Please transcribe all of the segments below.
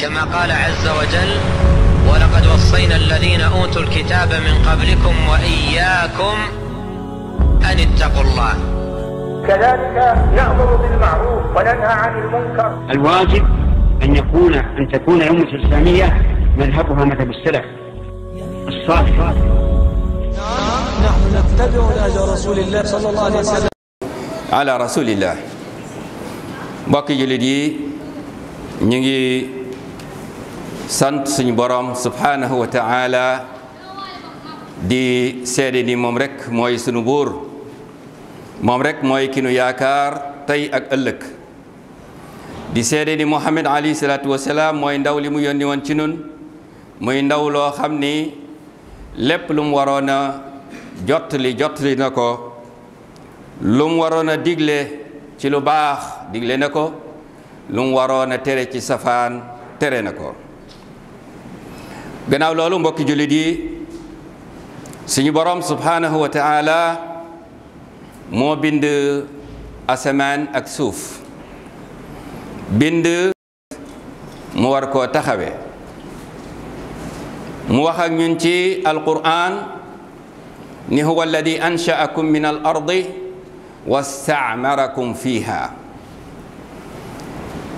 كما قال عز وجل ولقد وصينا الذين أوتوا الكتاب من قبلكم وإياكم أن اتقوا الله كذلك نأمر بالمعروف وننهى عن المنكر الواجب أن يكون أن تكون الأمة الإسلامية مذهبها مذهب السلف الصالح نحن نتبع رسول الله صلى الله عليه وسلم على رسول الله باقي جلدي نيجي sant suñu borom subhanahu wa taala di seede ni moom rek mooy sunu buur moom rek mooy ki nu yaakaar tey ak ëllëg di seede ni Muhammad alayhi salaatu wasalaam mooy ndaw li mu yónni woon ci nun muy ndaw loo xam lépp lu mu waroon a jottali jottali na ko lu mu waroon digle ci lu baax digle na lu mu waroon tere ci safaan tere na gannaaw loolu mbokki jullit yi suñu borom subhanahu wa taala moo bind asamaan ak suuf bind mu war koo taxawe mu wax ak ñun ci alquran ni huwa alladi anshaakum min al ardi wastaamarakum fiha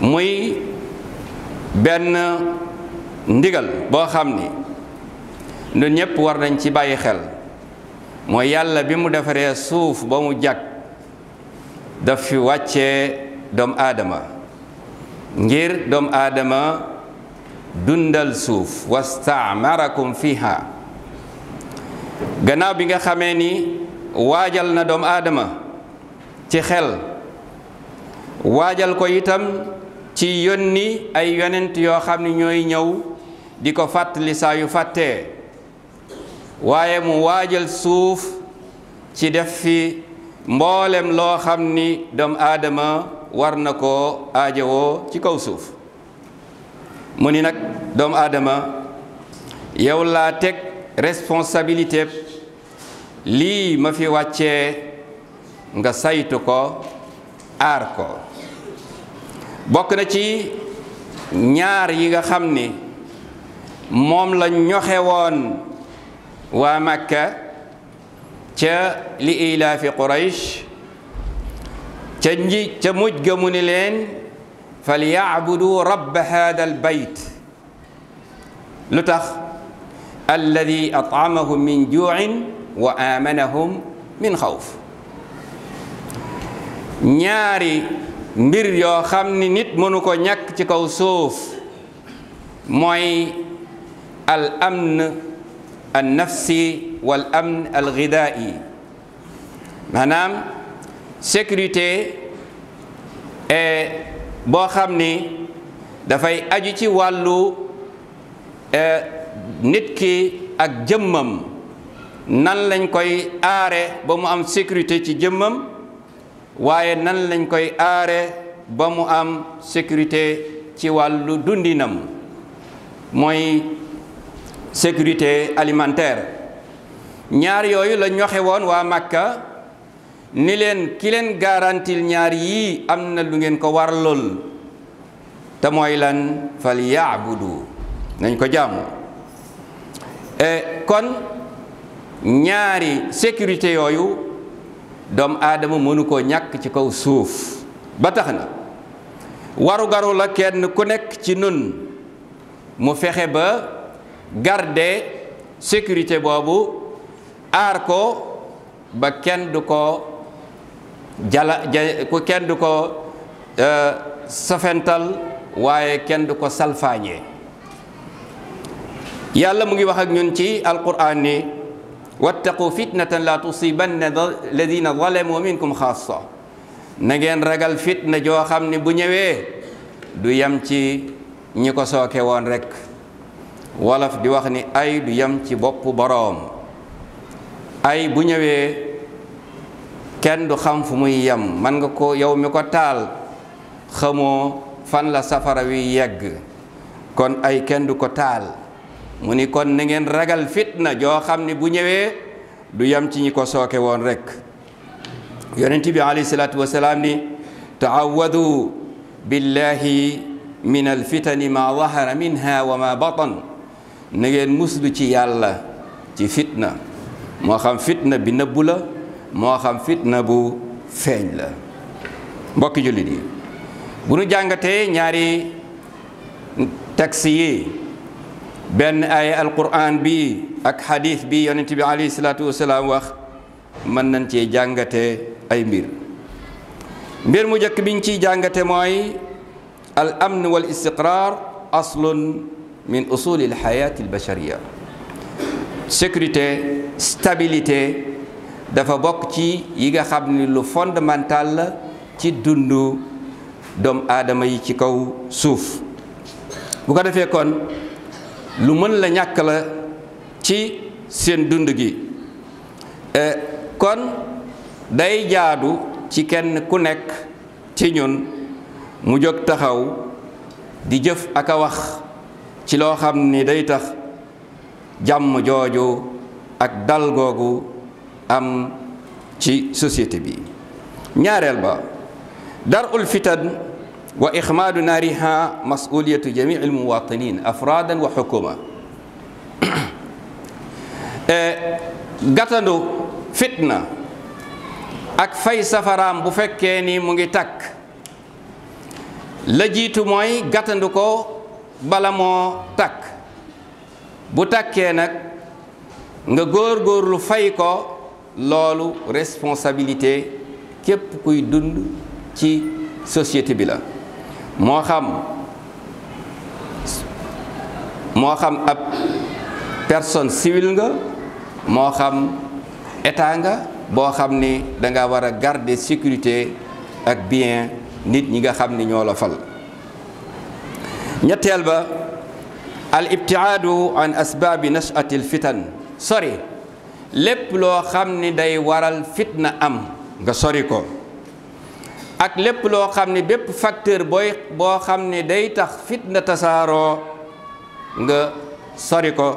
muy benn ndigal boo xam ni nu ñépp war nañ ci bàyyi xel mooy yàlla bi mu defaree suuf ba mu jàkk daf fi wàcce doomu aadama ngir doomu aadama dundal suuf wastaamarakum fiha gannaaw bi nga xamee ni waajal na doomu aadama ci xel waajal ko itam ci yónni ay yonent yoo xam ni ñooy ñëw di ko fàttali saa yu fàttee waaye mu waajal suuf ci def fi mboolem loo xam ni doomu aadama war na koo aajowoo ci kaw suuf mu ni nag doomu aadama yow laa teg responsabilité lii ma fi wàcce nga saytu ko aar ko bokk na ci ñaar yi nga xam ni mom lañ ñoxe won wa Makka ca li ilaafi Quraysh ca nji ca mujj ga mu ni leen falyacbudu rabb haada al bayt lutax alladhi at'amahum min ju'in wa amanahum min khawf ñaari mbir yo xamni nit mënu ko ñak ci kaw suuf moy الأمن النفسي والأمن الغذائي maanaam sécurité boo xam ni dafay aju ci wàllu nit ki ak jëmmam nan lañ koy aare ba mu am sécurité ci jëmmam waaye nan lañ koy aare ba mu am sécurité ci wàllu dundinam mooy sécurité alimentaire ñaar yooyu la ñoxe woon waa makka ni leen ki leen garantil ñaar yii am na lu ngeen ko war lool te mooy lan fal nañ ko jaamu e kon ñaari sécurité yooyu doom aadama mënu koo ñàkk ci kaw suuf ba tax waru garu la kenn ku nekk ci nun mu fexe ba garder sécurité boobu aar ko ba kenn du ko jala ku kenn du ko euh, safental waaye kenn du ko salfaañee yàlla mu ngi wax ak ñun ci alquran ni wattaqu fitnatan la tusibanna alladina zalamu minkum xaasa na ngeen ragal fitna joo xam ne bu ñëwee du yem ci ñi ko sooke woon rek Walaf di wax ni ay du yam ci boppu boroom ay bu ñëwee kenn du xam fu muy yam man nga ko yow mi ko taal fan la safara wi yegg kon ay kenn du ko taal mu kon na ngeen ragal fitna joo xam ni bu ñëwee du yam ci ñi ko sooke woon rek yonent bi alayhi salaatu wasalaam ni taawadu billahi min fitani ma dahara minha wa ma batan نجد مسلم في الله في فتنة ما خم فتنة بنبولا ما خم فتنة بو فنلا باقي جلدي بنا جانعته ناري تكسية بين آية القرآن بي أك حديث بي ينتبه عليه الصلاة والسلام وخ من ننتي جانعته أي مير مير مجاك بنتي جانعته ماي الأمن والاستقرار أصلٌ min usul al hayat basharia sécurité stabilité dafa bokk ci yi nga xam ni lu fondamental ci dund doomu aadama yi ci kaw suuf bu ko defee kon lu mën la ñàkk la ci seen dund gi e, kon day jaadu ci kenn ku nekk ci ñun mu jog taxaw di jëf ak a wax ci lo xamni day tax jàmm jooju ak dal gogu am ci société bi ñaarel ba darul fitan wa ikhmad nariha mas'uliyat jami' al muwatinin afradan wa hukuma xukuma gatando fitna ak fay safaram bu fekke ni mu ngi tak la jitu moy gatandu ko bala moo takk bu takkee nag nga góor-góorlu fay ko loolu responsabilité képp kuy dund ci société bi la moo xam moo xam ab personne civile nga moo xam état nga boo xam ni da nga war a garder sécurité ak bien nit ñi nga xam ni ñoo la fal ñetteel ba al ibtiaadu an asbaabi nashati al fitan sori lépp loo xam ni day waral fitna am nga sori ko ak lépp loo xam ni bépp facteur booy boo xam ni day tax fitna tasaaroo nga sori ko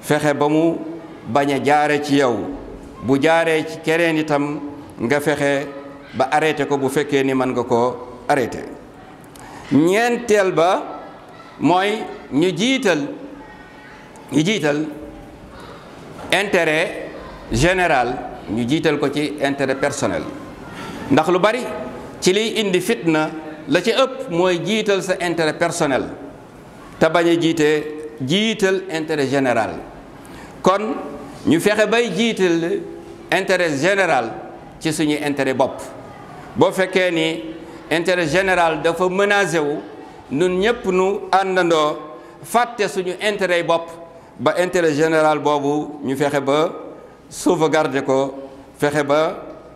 fexe ba mu bañ a jaare ci yow bu jaaree ci keneen itam nga fexe ba arrêté ko bu fekkee ni mën nga koo arrêté ñeenteel ba moy ñu jital ñu jital intérêt général ñu jital ko ci intérêt personnel ndax lu bari ci li indi fitna la ci ëpp moy jital sa intérêt personnel ta bañ jité jital intérêt général kon ñu fexé bay jital intérêt général ci suñu intérêt bop bo féké ni intérêt général dafa menacé wu nun ñëpp nu àndandoo fàtte suñu intérêt bopp ba intérêt général boobu ñu fexe ba sauvegarder ko fexe ba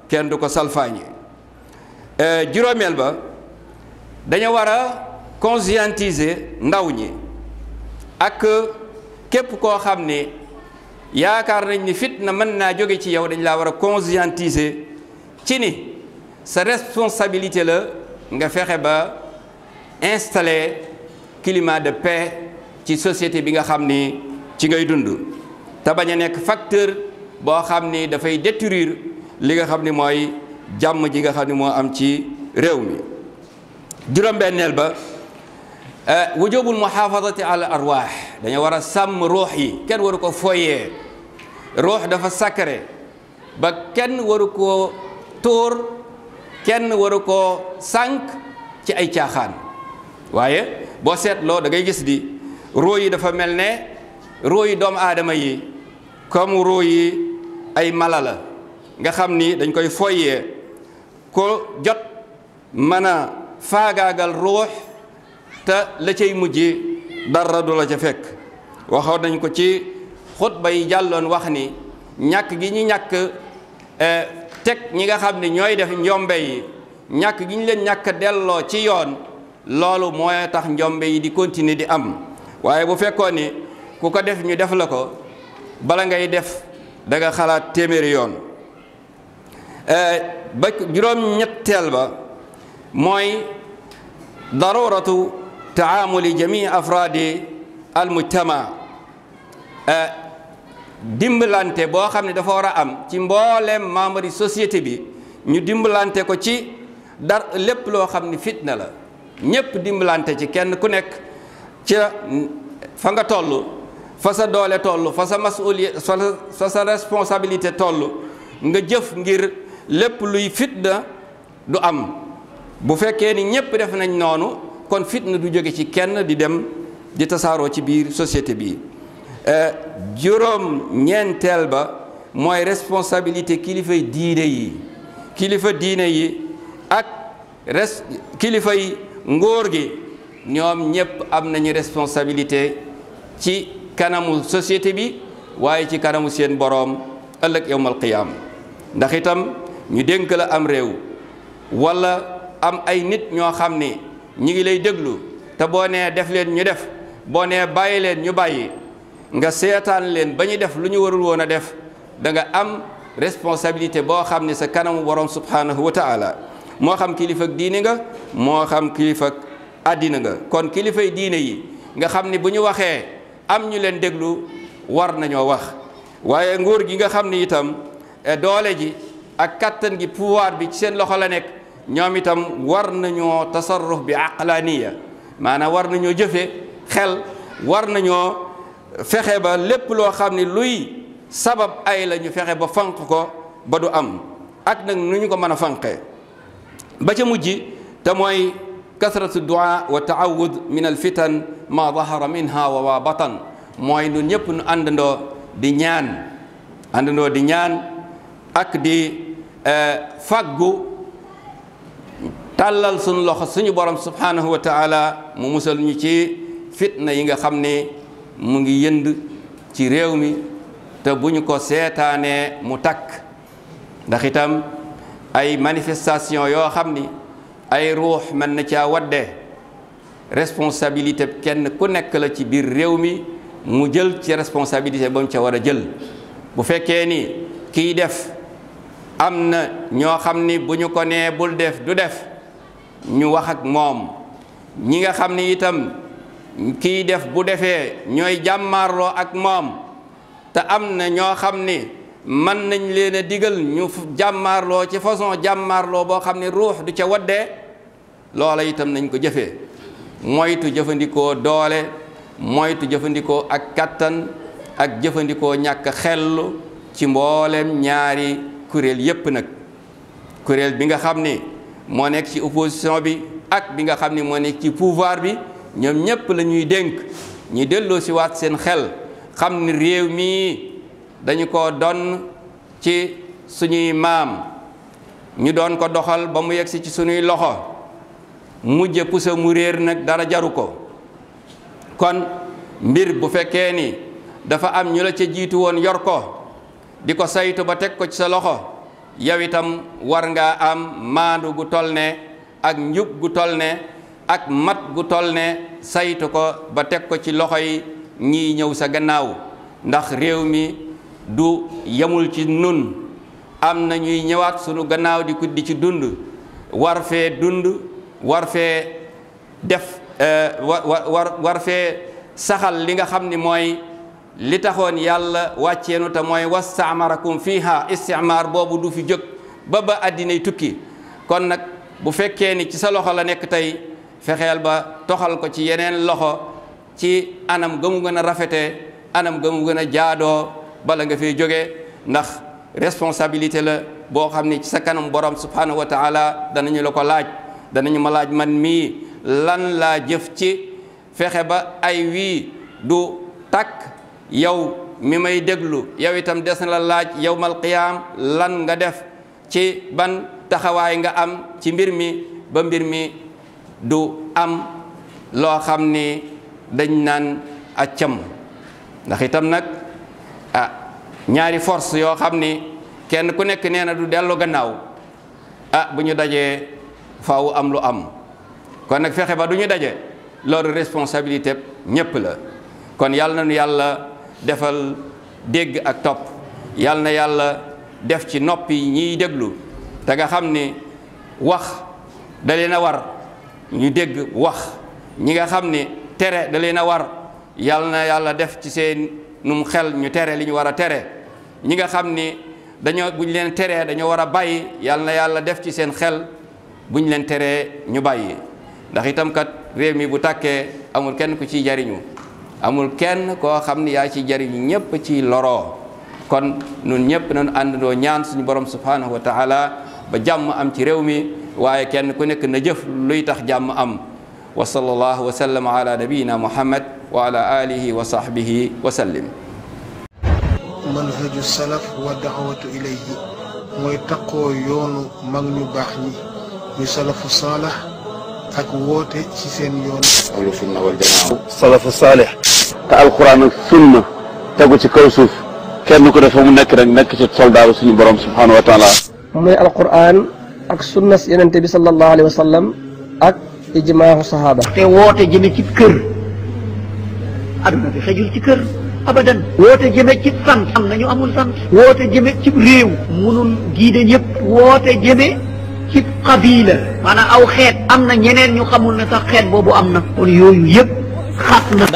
kenn du ko salfaañe euh, juróomeel ba dañu war a conscientiser ndaw ñi ak képp koo xam ne yaakaar nañ ni na mën naa jóge ci yow dañ laa war a conscientiser ci ni sa responsabilité la nga fexe ba installer climat de paix ci société bi nga xam ni ci ngay dund te bañ a nekk facteur boo xam ni dafay détruire li nga xam ni mooy jàmm ji nga xam ni moo am ci réew mi juróom-benneel ba eh, wujubul muhaafadati ala arwaax dañu war a sàmm ruux yi kenn waru ko foyee ruux dafa sacré ba kenn waru ko tóor kenn waru ko sànk ci ay caaxaan waaye boo seetloo da ngay gis di roo yi dafa mel ne roo yi doomu aadama yi comme roo yi ay mala la nga xam ni dañ koy foye ko jot mën a faagaagal ruux te la cay mujj dara du la ca fekk waxoon nañ ko ci xutba yi jàlloon wax ni ñàkk gi ñu ñàkk e, teg ñi nga xam ni ñooy def njombe yi ñàkk gi ñu leen ñàkk delloo ci yoon loolu mooy tax njombe yi di continuer di am waaye bu fekkoon ni ku ko def ñu def la ko bala ngay def danga xalaat téeméeri yoon eh, ba juróom-ñetteel ba mooy daruratu taamuli jamii afraadi almujtama eh, dimbalante boo xam ne dafa war a am ci mbooleem membre yi société bi ñu dimbalante ko ci dar lépp loo xam ni fitna la ñépp dimbalante ci kenn ku nekk ca fa nga toll fa sa doole toll fa sa masuliya fa sa responsabilité toll nga jëf ngir lépp luy fitna du am bu fekkee ni ñépp def nañ noonu kon fitna du jóge ci kenn di dem di tasaaroo ci biir société bi euh, juróom ñeenteel ba mooy responsabilité kilifay diine yi kilifa diine yi ak res kilifay ngóor gi ñoom ñëpp am nañu responsabilité ci kanamu société bi waaye ci kanamu seen boroom ëllëg yowmal qiyaam ndax itam ñu dénk la am réew walla am ay nit ñoo xam ni ñu ngi lay déglu te boo nee def leen ñu def boo nee bàyyi leen ñu bàyyi nga seetaan leen ba ñu def lu ñu warul woon a def da nga am responsabilité boo xam ne sa kanamu boroom subhanahu wa taala moo xam kilifa diine nga moo xam kilifa àddina nga kon kilifay diine yi nga xam ni bu ñu waxee am ñu leen déglu war nañoo wax waaye nguur gi nga xam ni itam eh, doole ji ak kàttan gi pouvoir bi ci seen loxo la nekk ñoom itam war nañoo tasarruf bi aqlaaniya maanaam war nañoo jëfe xel war nañoo fexe ba lépp loo xam ni luy sabab ay la fexe ba fanq ko ba du am ak nag nu ñu ko mën a fanqee ba ca mujj te mooy kasratu duaa wa taawud min al ma dahara minha wa ma batan mooy nun ñëpp nu àndandoo di ñaan àndandoo di ñaan ak di eh, faggu tàllal suñu loxo suñu borom subhanahu wa taala mu musal ñu ci fitna yi nga xam ni mu ngi yënd ci réew mi te buñ ko seetaane mu takk ndax itam ay manifestation yoo xam ni ay ruux mën na caa wadde responsabilité kenn ku nekk la ci biir réew mi mu jël ci responsabilité ba mu ca war a jël bu fekkee ni kiy def am na ñoo xam ni bu ñu ko nee bul def du def ñu wax ak moom ñi nga xam ni itam kiy def bu defee ñooy jàmmaarloo ak moom te am na ñoo xam ni mën nañ leen a diggal ñu jàmmaarloo ci façon jàmmaarloo boo xam ne ruux du ca waddee loola itam nañ ko jëfee moytu jëfandikoo doole moytu jëfandikoo ak kattan ak jëfandikoo ñàkk xellu ci mbooleem ñaari kuréel yépp nag kuréel bi nga xam ni moo nekk ci opposition bi ak bi nga xam ni moo nekk ci pouvoir bi ñoom ñépp la ñuy dénk ñu delloo si waat seen xel xam ni réew mii dañu ko don ci suñuy maam ñu don ko doxal ba mu yegsi ci suñuy loxo mujje pusa mu réer nag dara jaruko kon mbir bu fekkee ni dafa am ñu la ca jiitu woon yor ko di ko saytu ba ko ci sa loxo yow itam war am madu gu tol ne ak njub gu ne ak mat gu tol ne saytu ko ba teg ko ci loxo yi ñii sa gannaaw ndax mi du yamul ci nun am na ñuy ñëwaat sunu gannaaw di ko di ci dund war fee dund war fee def eh, war war war fee saxal li nga xam ni mooy li taxoon yàlla wàcceenu te mooy wastaamarakum fiha istimaar boobu du fi jóg ba ba addinay tukki kon nag bu fekkee ni ci sa loxo la nekk tey fexeel ba toxal ko ci yeneen loxo ci anam ga mu gën a rafete anam ga mu gën a jaadoo bala nga fiy jóge ndax responsabilité la boo xam ne ci sa kanam borom subhanahu wa taala danañu la ko laaj danañu ma laaj man mii lan laa jëf ci fexe ba ay wii du takk yow mi may déglu yow itam des na la laaj yawmal qiyaam lan nga def ci ban taxawaay nga am ci mbir mi ba mbir mi du am loo xam ni dañ naan accam ndax itam nag nyari ah, ñaari force yo xam ni kenn ku nekk nee na du dellu gannaaw ah bu ñu faaw am lu am kon nag fexe ba du ñu daje loolu responsabilité ñépp la kon yàlla na nu yàlla defal dégg ak topp yàlla na yàlla def ci noppi ñiy déglu te nga xam wax da war ñu deg wax ñi nga xam ni da war yàlla na yàlla def ci seen nu mu xel ñu tere li ñu war a tere ñi nga xam ni dañoo buñ leen teree dañoo war a bàyyi yàlla yàlla def ci seen xel buñ leen teree ñu bàyyi ndax itam kat réew mi bu takkee amul kenn ku ciy jariñu amul kenn koo xam ni yaa ciy jariñu ñëpp ci loro kon nun ñëpp nañu àndandoo ñaan suñu borom subhanahu wa taala ba jàmm am ci réew mi waaye kenn ku nekk na jëf luy tax jàmm am وصلى الله وسلم على نبينا محمد وعلى آله وصحبه وسلم منهج السلف ودعوة إليه ويتقو يون مغنو باحني بسلف الصالح أكووت سيسين يون أولو سنة والجماعة سلف الصالح تعال قرآن السنة تقول كوسوف كان نكون فهم نكرا نكتش تصلدا وسنة برام سبحانه وتعالى من القرآن أك سنة سنة النبي صلى الله عليه وسلم أك ijmaahu sahaaba te woote jëme ci kër aduna bi xejul ci kër abadan woote jëme ci sant am ñu amul sant woote jëme ci réew munul giide ñëpp woote jëme ci xabiila maanaam aw xeet am na ñeneen ñu xamul na sax xeet boobu am na kon yooyu yëpp xat